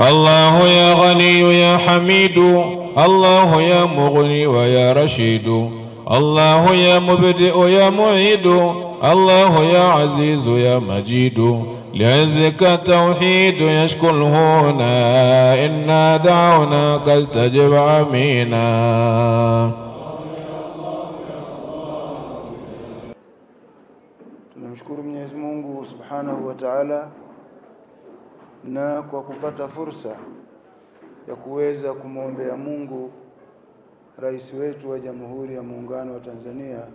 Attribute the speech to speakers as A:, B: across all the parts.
A: الله يا غني يا حميد الله يا مغني ويا رشيد الله يا مبدئ يا معيد الله يا عزيز يا مجيد لعزك التوحيد يشكو الهنا إنا دعوناك استجب عمينا
B: tunamshukuru Mwenyezi na kwa kupata fursa ya kuweza kumwombea Mungu rais wetu wa Jamhuri ya Muungano wa Tanzania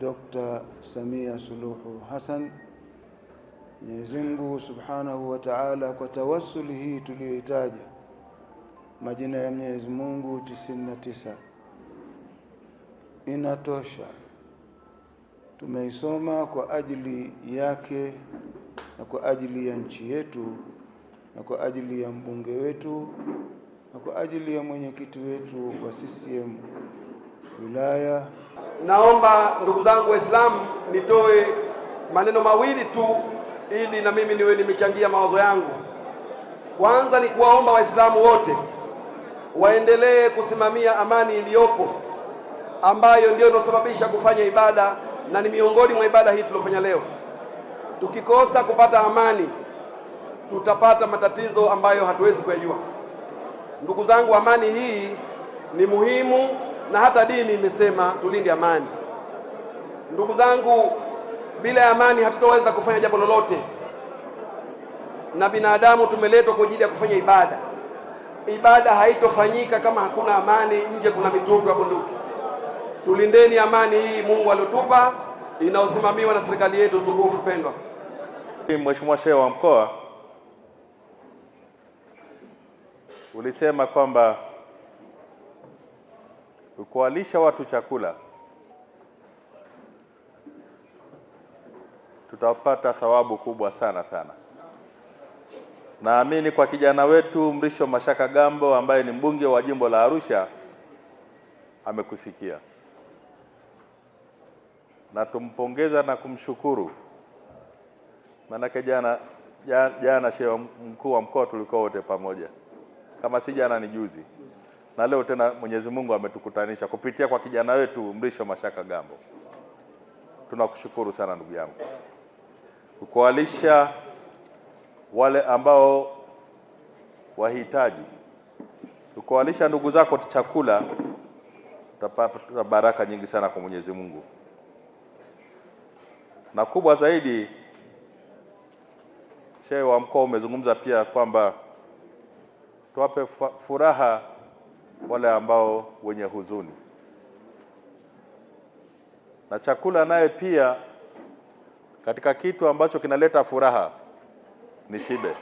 B: Dr. Samia Suluhu Hassan. Mwenyezi Mungu Subhanahu wa Ta'ala, kwa tawassuli hii tuliyoitaja majina ya Mwenyezi Mungu 99 inatosha, tumeisoma kwa ajili yake na kwa ajili ya nchi yetu na kwa ajili ya mbunge wetu na kwa ajili ya mwenyekiti wetu wa CCM wilaya.
C: Naomba ndugu zangu Waislamu, nitoe maneno mawili tu ili na mimi niwe nimechangia mawazo yangu. Kwanza ni kuwaomba Waislamu wote waendelee kusimamia amani iliyopo ambayo ndio inosababisha kufanya ibada na ni miongoni mwa ibada hii tuliofanya leo. Tukikosa kupata amani, tutapata matatizo ambayo hatuwezi kuyajua. Ndugu zangu, amani hii ni muhimu na hata dini imesema tulinde amani. Ndugu zangu, bila ya amani hatutoweza kufanya jambo lolote, na binadamu tumeletwa kwa ajili ya kufanya ibada. Ibada haitofanyika kama hakuna amani. Nje kuna mitutu ya bunduki. Tulindeni amani hii Mungu aliotupa, inayosimamiwa na serikali yetu tukufu pendwa.
D: Mheshimiwa Shehe wa Mkoa, ulisema kwamba kuwalisha watu chakula tutapata thawabu kubwa sana sana. Naamini kwa kijana wetu Mrisho Mashaka Gambo ambaye ni mbunge wa jimbo la Arusha amekusikia, na tumpongeza na kumshukuru Maanake jana jana, jana shehe mkuu wa mkoa tulikuwa wote pamoja, kama si jana ni juzi, na leo tena Mwenyezi Mungu ametukutanisha kupitia kwa kijana wetu Mrisho Mashaka Gambo. Tunakushukuru sana ndugu yangu kukualisha wale ambao wahitaji, kukualisha ndugu zako chakula, utapata baraka nyingi sana kwa Mwenyezi Mungu, na kubwa zaidi Shehe wa mkoa umezungumza pia kwamba tuwape furaha wale ambao wenye huzuni, na chakula naye pia katika kitu ambacho kinaleta furaha ni shibe.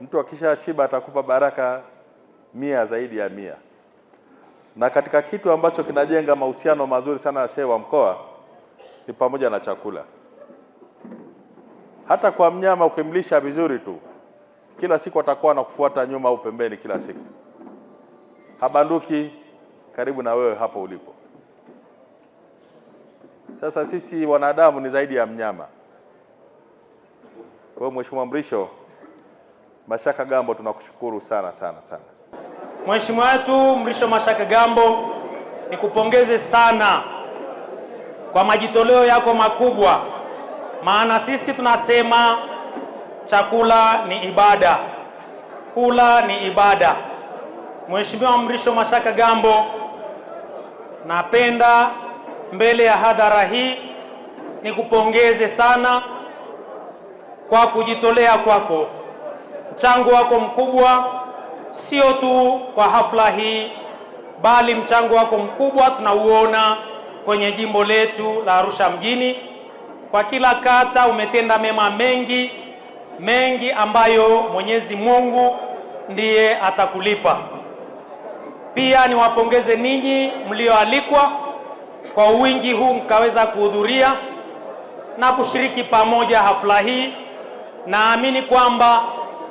D: Mtu akisha shiba atakupa baraka mia zaidi ya mia. Na katika kitu ambacho kinajenga mahusiano mazuri sana na shehe wa mkoa ni pamoja na chakula. Hata kwa mnyama ukimlisha vizuri tu, kila siku atakuwa anakufuata nyuma au pembeni, kila siku habanduki karibu na wewe hapo ulipo. Sasa sisi wanadamu ni zaidi ya mnyama. Kwa hiyo Mheshimiwa Mrisho Mashaka Gambo, tunakushukuru sana sana sana.
E: Mheshimiwa wetu Mrisho Mashaka Gambo, nikupongeze sana kwa majitoleo yako makubwa. Maana sisi tunasema chakula ni ibada, kula ni ibada. Mheshimiwa Mrisho Mashaka Gambo, napenda mbele ya hadhara hii nikupongeze sana kwa kujitolea kwako. Mchango wako mkubwa sio tu kwa hafla hii, bali mchango wako mkubwa tunauona kwenye jimbo letu la Arusha mjini. Kwa kila kata umetenda mema mengi mengi ambayo Mwenyezi Mungu ndiye atakulipa. Pia niwapongeze ninyi mlioalikwa kwa wingi huu mkaweza kuhudhuria na kushiriki pamoja hafla hii. Naamini kwamba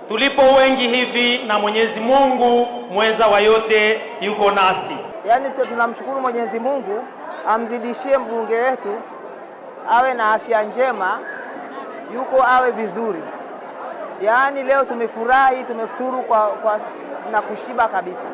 E: tulipo wengi hivi na Mwenyezi Mungu mweza wa yote yuko nasi.
F: Yaani tunamshukuru Mwenyezi Mungu amzidishie mbunge wetu awe na afya njema, yuko awe vizuri. Yaani leo tumefurahi, tumefuturu kwa, kwa na kushiba kabisa.